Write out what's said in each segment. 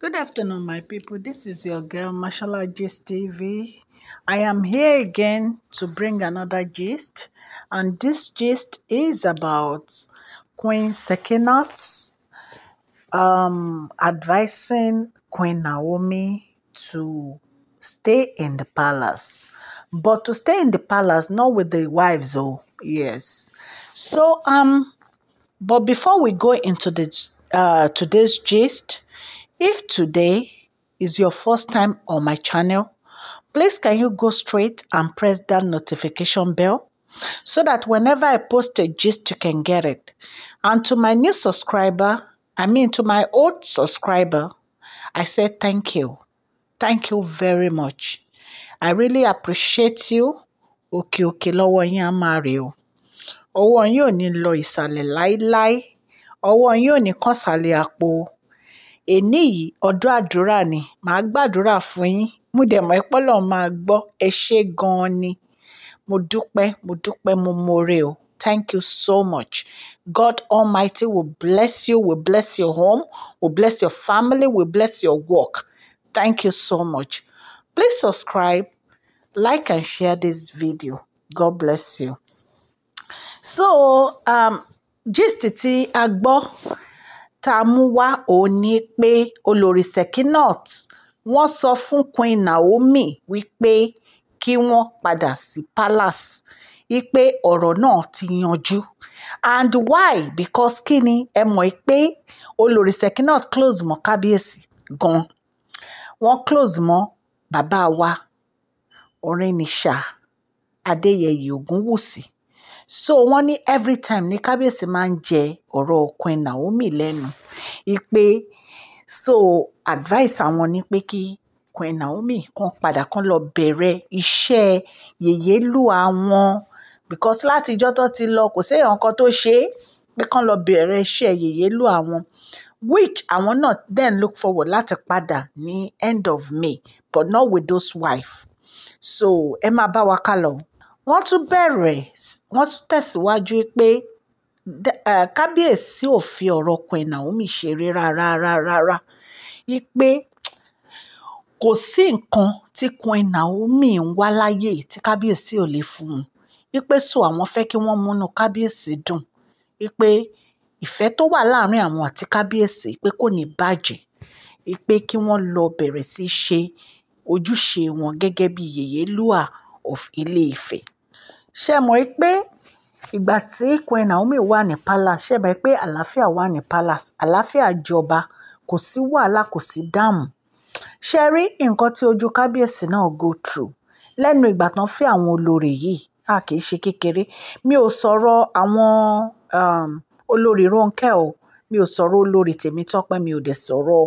Good afternoon, my people. This is your girl Mashallah Gist TV. I am here again to bring another gist, and this gist is about Queen Sekinat's um, advising Queen Naomi to stay in the palace, but to stay in the palace, not with the wives, oh, yes. So, um, but before we go into the uh, today's gist, if today is your first time on my channel, please can you go straight and press that notification bell so that whenever I post a gist, you can get it. And to my new subscriber, I mean to my old subscriber, I said, Thank you. Thank you very much. I really appreciate you. Okay, okay. lọ́wọ́ yín á máa rè o. Ọwọ́ yín ò ní lọ ìsàlẹ̀ láíláí. Ọwọ́ yín ò ní kàn sàlẹ̀ àpò. Èní yìí ọdún àdúrà ni. Màá gbàdúrà fún yín. Mo dẹ̀ mọ̀ pé Ọlọ́run máa gbọ́. Ẹ ṣé gan-an ni. Mo dúpẹ́, mo dúpẹ́, mo mọre o. Thank you so much. God Almighty will bless you, will bless your home, will bless your family, will bless your work. Thank you so much. Please subscribe, like, and share this video. God bless you. So, um, just to agbo tamuwa oni pé olórí sekinot wọ́n sọ fún Queen Naomi wípé kí wọ́n padà sí palace wípé ọ̀rọ̀ náà ti yanjú and why because kí ni ẹ mọ̀ pé olórí Sekinat close mọ́ kábíyèsí gan wọ́n close mọ́ bàbá wa Ọ̀rìnìṣà Adéyẹyè Ògúnwùsì so wọ́n ní every time ní kábíyèsí máa ń jẹ ọ̀rọ̀ Queen Naomi lẹ́nu ipe so advice àwọn ni pé kí Queen Naomi kan padà kan lọ bẹ̀rẹ̀ iṣẹ́ yèyélú àwọn because láti ìjọ́ tó ti lọ kò séèyàn kan tó ṣe é pé kán lọ bẹ̀rẹ̀ iṣẹ́ yèyélú àwọn which àwọn náà then look forward láti padà ní end of May but not with those wife so ẹ máa bá wa ká lọ. wọ́n tún bẹ̀rẹ̀ wọ́n tún tẹ̀síwájú pé kábíyèsí ò fi ọ̀rọ̀ Queen Naomi ṣeré rárá rárá pé kò sí nǹkan tí Queen Naomi ń wá láyé tí kábíyèsí ò lè fún un wípé so àwọn fẹ́ kí wọ́n múnú kábíyèsí dùn wípé ìfẹ́ tó wà láàárín àwọn àti kábíyèsí pé kò ní bàjẹ́ wípé kí wọ́n lọ bẹ̀rẹ̀ sí í ṣe ojúṣe wọn gẹ́gẹ́ bí yèyélúà of ilé Ifẹ̀. ṣé mọ̀ pé ìgbà tí Queen Naomi wà ní palace ṣé mọ̀ pé àlàáfíà wà ní palace àlàáfíà jọba kò sí wàhálà kò sí dààmú ṣe rí nǹkan tí ojú kábíyèsí náà go through lẹ́nu ìgbà tán fẹ́ àwọn olórí yìí à kì í ṣe kékeré. Mi ò sọ̀rọ̀ àwọn, um, olórí Ronkẹ́ o. Mi ò sọ̀rọ̀ olórí Tèmítọ́pẹ́, mi ò dẹ̀ sọ̀rọ̀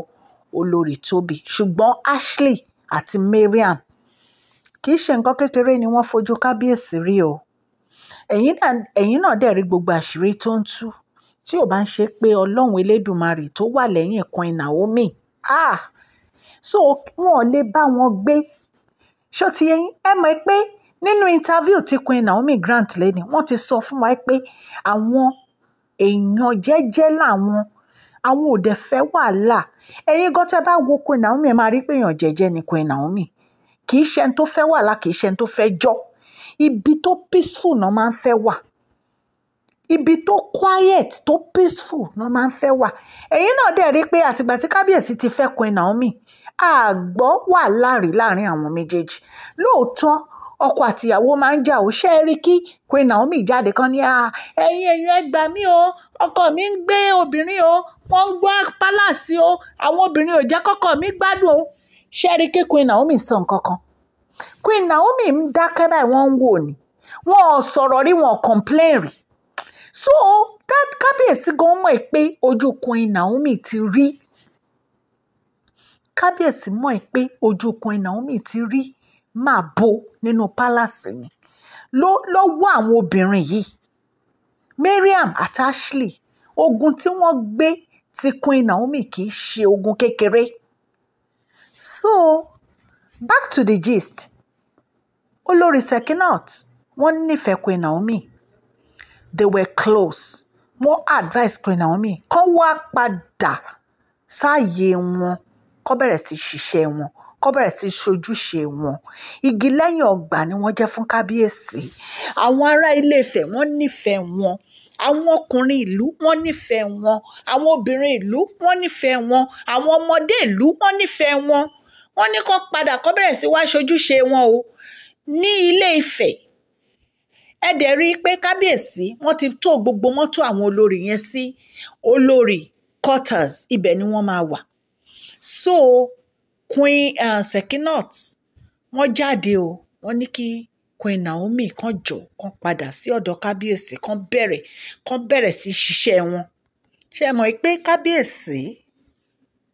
olórí Tóbi. Ṣùgbọ́n Ashley àti Mariam kì í ṣe nǹkan kékeré ni wọ́n fojú kábíyèsí rí o. Ẹ̀yin náà, ẹ̀yin náà dẹ̀ rí gbogbo àṣírí tó ń tú. Tí ò bá ń ṣe pé Ọlọ́run Elédùmarè tó wà lẹ́yìn Queen Naomi. Ah! So wọ́n ò lè bá wọn gbé. Ṣé ti yé Ẹ mọ̀ pé nínú interview tí queen naomi grant lẹ́ni wọ́n ti sọ fún wa pé àwọn èèyàn jẹ́jẹ́ làwọn àwọn ò dẹ̀ fẹ́ wàhálà ẹ̀yin gan tẹ́ bá wo queen naomi ẹ̀ máa rí pé èèyàn jẹ́jẹ́ ni queen naomi kì í ṣe ẹni tó fẹ́ wàhálà kì í ṣe ẹni tó fẹ́ jọ́ ibi tó peaceful náà máa ń fẹ́ wà ibi tó quiet tó peaceful náà máa ń fẹ́ wà ẹ̀yin náà dẹ̀ rí pé àtìgbà tí kábíyèsí ti fẹ́ queen naomi àgbọ̀ wà láàrin láàrin àwọn méjèèjì lóòótọ́ ọkọ àtìyàwó máa ń jà ó ṣe é rí kí Queen Naomi jáde kan ní à ẹ̀yin ẹ̀yin ẹ gbà o ọkọ mi ń gbé obìnrin o wọ́n ń gbọ́ pálàsì o àwọn obìnrin ò jẹ́ kọ́kọ́ mi gbádùn o ṣe é rí kí Queen Naomi sọ nǹkan kan Queen Naomi ń dákẹ́ báyìí wọ́n ń wò ní wọn sọ̀rọ̀ rí wọn complain rí so that kábíyèsí gan mọ̀ pé ojú Queen Naomi ti rí kábíyèsí mọ̀ pé ojú Queen Naomi ti rí máa bo nínú pálásì ni lọ́wọ́ àwọn obìnrin yìí Mariam àti Ashley ogun tí wọ́n gbé ti Queen Naomi kì í ṣe ogun kékeré. So back to the gist olórí Sekinat wọ́n nífẹ̀ẹ́ Queen Naomi they were close wọ́n advice Queen Naomi Kan wá padà sáàyè wọn kán bẹ̀rẹ̀ sí ṣiṣẹ́ wọn kó bẹ̀rẹ̀ sí í ṣojúṣe wọn. Igi lẹ́yìn ọgbà ni wọ́n jẹ́ fún kábíyèsí. Àwọn ará ilé Ifẹ̀ wọ́n nífẹ̀ẹ́ wọn. Àwọn ọkùnrin ìlú wọ́n nífẹ̀ẹ́ wọn. Àwọn obìnrin ìlú wọ́n nífẹ̀ẹ́ wọn. Àwọn ọmọdé ìlú wọ́n nífẹ̀ẹ́ wọn. Wọ́n ní kó padà kó bẹ̀rẹ̀ sí wá ṣojúṣe wọn o. Ní ilé Ifẹ̀, ẹ dẹ̀ rí i pé kábíyèsí wọ́n ti tó gbogbo mọ́tò àwọn olórí yẹn sí olórí quarters ibẹ̀ ni wọ́n máa wà. So Queen uh, eh, Sekinat wọ́n jáde o wọ́n ní kí Queen Naomi kan jọ kan padà sí ọ̀dọ̀ kábíyèsí kan bẹ̀rẹ̀ kan bẹ̀rẹ̀ sí ṣiṣẹ́ wọn ṣe mọ̀ pé kábíyèsí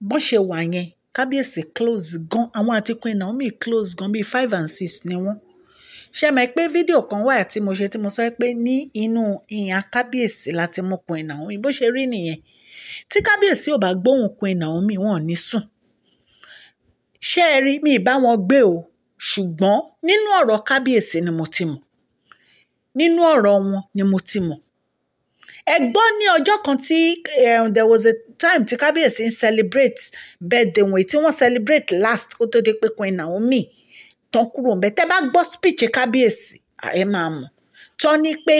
bọ́n ṣe wà yẹn kábíyèsí close gan àwọn àti Queen Naomi close gan bíi five and six ni wọ́n ṣe mọ̀ pé fídíò kan wà tí mo ṣe tí mo sọ pé ní inú ìyàn kábíyèsí láti mú Queen Naomi bó ṣe rí nìyẹn tí kábíyèsí ò bá gbóhùn Queen Naomi wọn ò ní sùn ṣé ẹ rí mi bá wọn gbé o ṣùgbọ́n nínú ọ̀rọ̀ kábíyèsí ni mo ti mọ̀ nínú ọ̀rọ̀ wọn ni mo ti mọ̀ ẹ gbọ́ ní ọjọ́ kan tí eh, there was a time tí kábíyèsí ń celebrate birthday wọn tí wọ́n celebrate last kó tó dé pé Queen Naomi tán kúrò ń bẹ̀ tẹ́ bá gbọ́ speech kábíyèsí ẹ máa mọ̀ tọ́ ní pé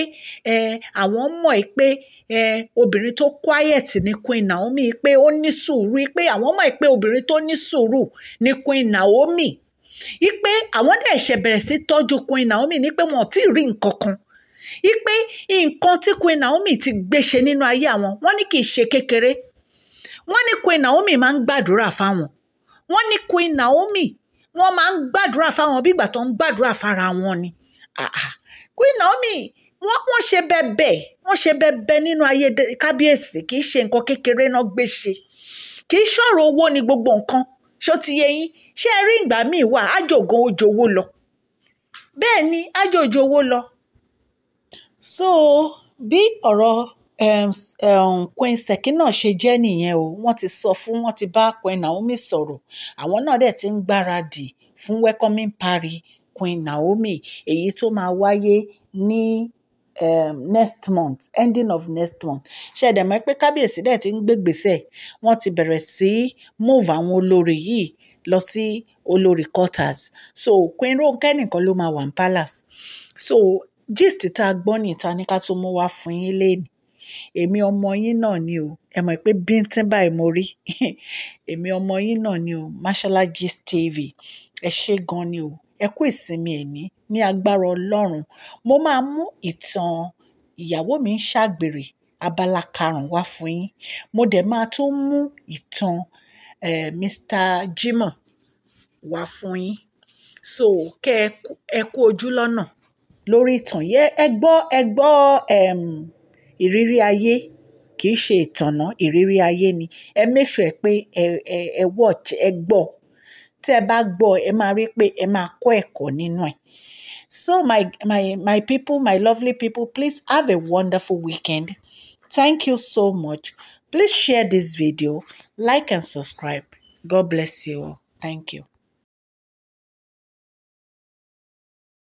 àwọn mọ̀ ẹ́ pé obìnrin tó quiet ni Queen Naomi pé ó ní sùúrù pé àwọn mọ̀ ẹ́ pé obìnrin tó ní sùúrù ni Queen Naomi ipe àwọn dẹ̀ ṣe bẹ̀rẹ̀ sí tọ́jú Queen Naomi ní pé wọn ò tí ì rí nǹkan kan ipe nǹkan tí Queen Naomi ti gbé ṣe nínú ayé àwọn wọn ní kì í ṣe kékeré wọ́n ní Queen Naomi máa ń gbàdúrà fáwọn wọ́n ní Queen Naomi wọ́n máa ń gbàdúrà fáwọn bí ìgbà tó ń gbàdúrà fara wọn ni ah ah Queen Naomi wọ́n wọ́n ṣe bẹ̀bẹ̀ wọ́n ṣe bẹ̀bẹ̀ nínú ayé kábíyèsí kì í ṣe nǹkan kékeré náà gbé ṣe kì í ṣọ̀rọ̀ owó ni gbogbo nǹkan ṣó ti yé yín ṣé ẹ rí ìgbà míì wà ájògùn ojòwò lọ bẹ́ẹ̀ ni ájòjò owó lọ. so bí ọ̀rọ̀ um, um, Queen Sekinat ṣe jẹ́ nìyẹn o wọ́n ti sọ fún wọ́n ti bá Queen Naomi sọ̀rọ̀ àwọn náà dẹ̀ ti ń gbáradì fún welcoming party Queen Naomi èyí tó máa wáyé ní um, next month ending of next month ṣẹ̀dẹ̀ mọ́ pé kábíyèsí dẹ̀ ti ń gbégbèsè wọ́n ti bẹ̀rẹ̀ sí move àwọn olórí yìí lọ sí olórí quarters so Queen Ronke nìkan ló máa wà ní palace so gist tá a gbọ́ ní ìta ní ká tó mú wá fún yín léèní èmi ọmọ yín náà ni o ẹ mọ̀ pé bíntín báyìí mo rí èmi ọmọ yín náà ni o Mashola Gist TV ẹ ṣé gan ni o ẹ kú ìsinmi ẹ̀ní ní agbára Ọlọ́run. Mo máa mú ìtàn ìyàwó mi ń ṣàgbèrè abala karùn wá fún yín. Mo dẹ̀ máa tún mú ìtàn Mr. Jimoh wá fún yín. So kẹ́ ẹ kú ojú lọ́nà lórí ìtàn yẹn. Ẹ gbọ́ ẹ gbọ́ um, ìrírí ayé kì í ṣe ìtànà ìrírí ayé ni. Ẹ make sure pé ẹ ẹ watch ẹ gbọ́. tẹ́ bá gbọ́ ẹ máa rí pé ẹ máa kọ́ ẹ̀kọ́ nínú ẹ̀. So my my my people my lovely people please have a wonderful weekend. Thank you so much. Please share this video, like and subscribe. God bless you all. Thank you.